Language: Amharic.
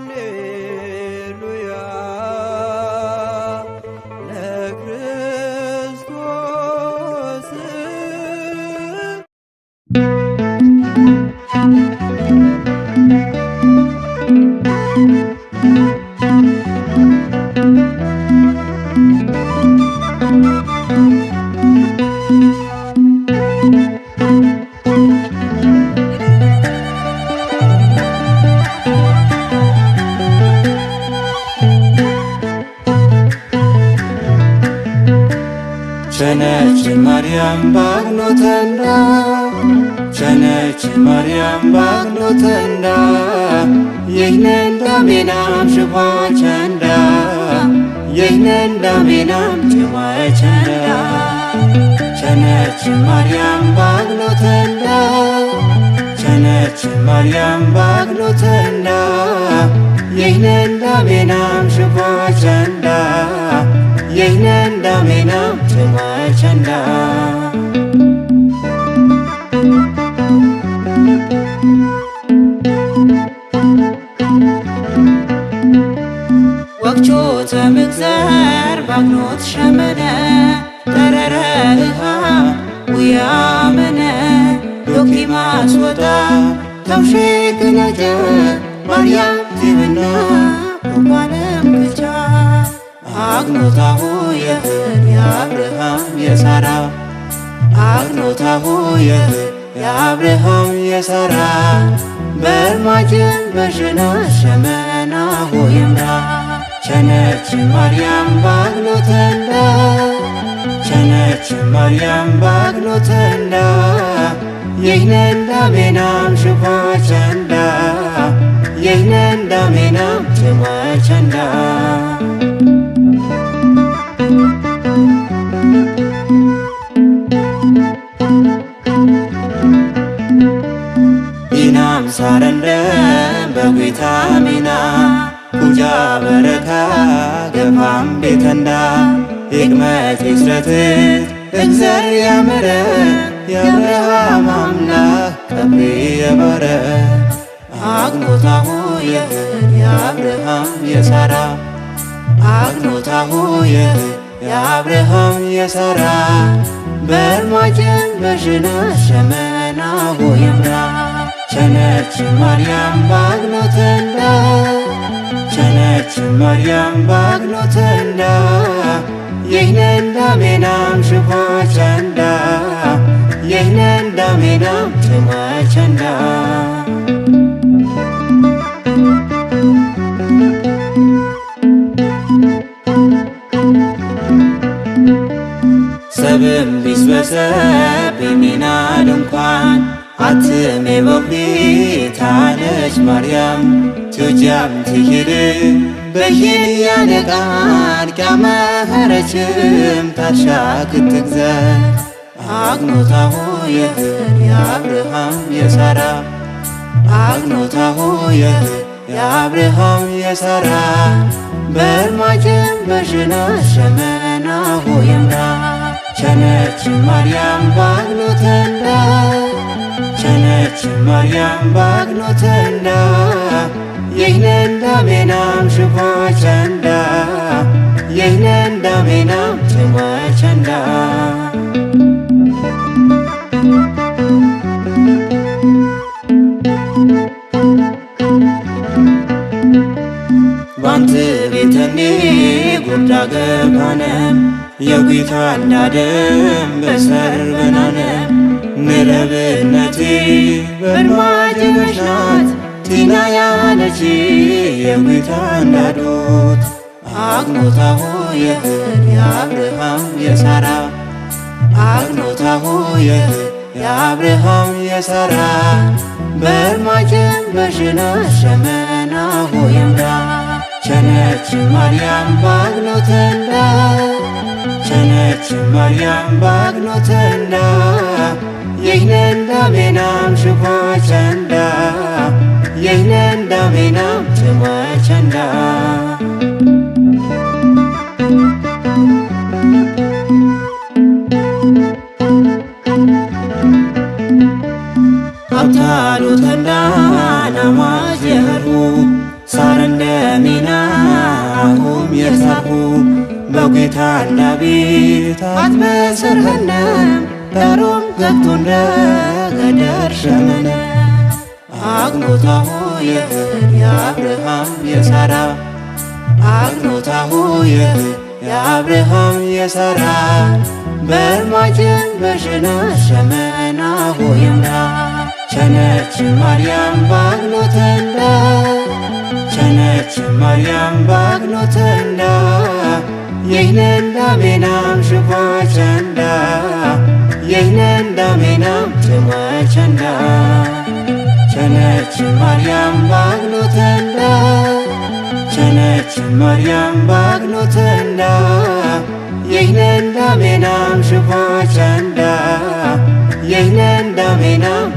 Avenue. ቸነችን ማርያም ባግኖተንዳ ቸነች ማርያም ባግኖተንዳ የህነን ዳሜናም ሽቧቸንዳ የህነን ዳሜናም ጭዋቸንዳ ቸነችን ማርያም ባግኖተንዳ ቸነችን ማርያም ባግኖተንዳ የህነን ዳሜናም ሽቧቸንዳ Yainan daminam chumachanda ወቅቾተ ምግዘር ባግኖት ሸመነ ተረረሃ ውያመነ ሎኪማስ ወጣ ተውሼ ክነጀ ማርያም ትብና አግኖታሁ የእህል የአብርሃም የሳራ አግኖታሁ የእህል የአብርሃም የሳራ በእርማጅን በሽና ሸመናሁ ይምራ ቸነች ማርያም ባግኖተላ ቸነች ማርያም ባግኖተላ ይህነን ዳሜናም ሽኳቸንዳ ይህነን ዳሜናም ሽኳቸንዳ አረለም በጉታ ሚና ቡጃ በረካ ቤተንዳ ይቅመት ይስረት እግዘር ያምረ የአብርሃም አምላክ ቀብሪ አግኖታሁ የህን የአብርሃም የሳራ አግኖታሁ የህን የአብርሃም የሳራ ሸመናሁ ይምራ ቸነች ማርያም ባግኖተላ ቸነች ማርያም ባግኖተላ ይህንን ዳሜናም ሽቦቸንዳ ይህነን ዳሜናም ሽቦቸንዳ ማርያም ትጃም ትይድ በሂድ ያነቃን ቃመኸረችም ታርሻ ክትግዘት አግኖታሁ የህን የአብርሃም የሳራ አግኖታሁ የህን የአብርሃም የሳራ በርማጭም በሽና ሸመናሁ ይምራ ቸነች ማርያም ባግኖተንዳ ተነች ማርያም ባግኖተንዳ ይህንን ዳሜናም ሽቦቸንዳ ይህንን ዳሜናም ሽቦቸንዳ ባንት ቤተኔ ጉዳ ገባነ የጉታ እንዳደም በሰርበናነ ምረብነቲ በማጀነሽ ናት ቲና ያለች የጌታ እንዳዶት አግኖታሁ የእህል የአብርሃም የሳራ አግኖታሁ የእህል የአብርሃም የሳራ በርማጀን በሽና ሸመና ሆይምራ ቸነች ማርያም ባግኖተላ ቸነች ማርያም ባግኖተላ ይህንን ዳሜናም ሽኳቸንዳ ይህንን ዳሜናም ሽኳቸንዳ አብታሉ ተንዳ ናማዝ የህርሙ ሳር እንደሚና አሁም የሳቁ በጌታ እንዳቤት አትመስርህነም በሮም ገብቶ እንደ ገደር ሸመነ አግኖታሁ የእህል የአብርሃም የሳራ አግኖታሁ የእህል የአብርሃም የሳራ በርማጭን በሽነት ሸመና ሆይምራ ቸነች ማርያም ባግኖተ ቸነች ማርያም ባግኖተ ይህንን ላሜናም ሽኳቸ የእኔና ሜናም ጭማቸና ቸነች ማርያም ባግኖተና ቸነች ሜናም ሽፋቸንዳ ሜናም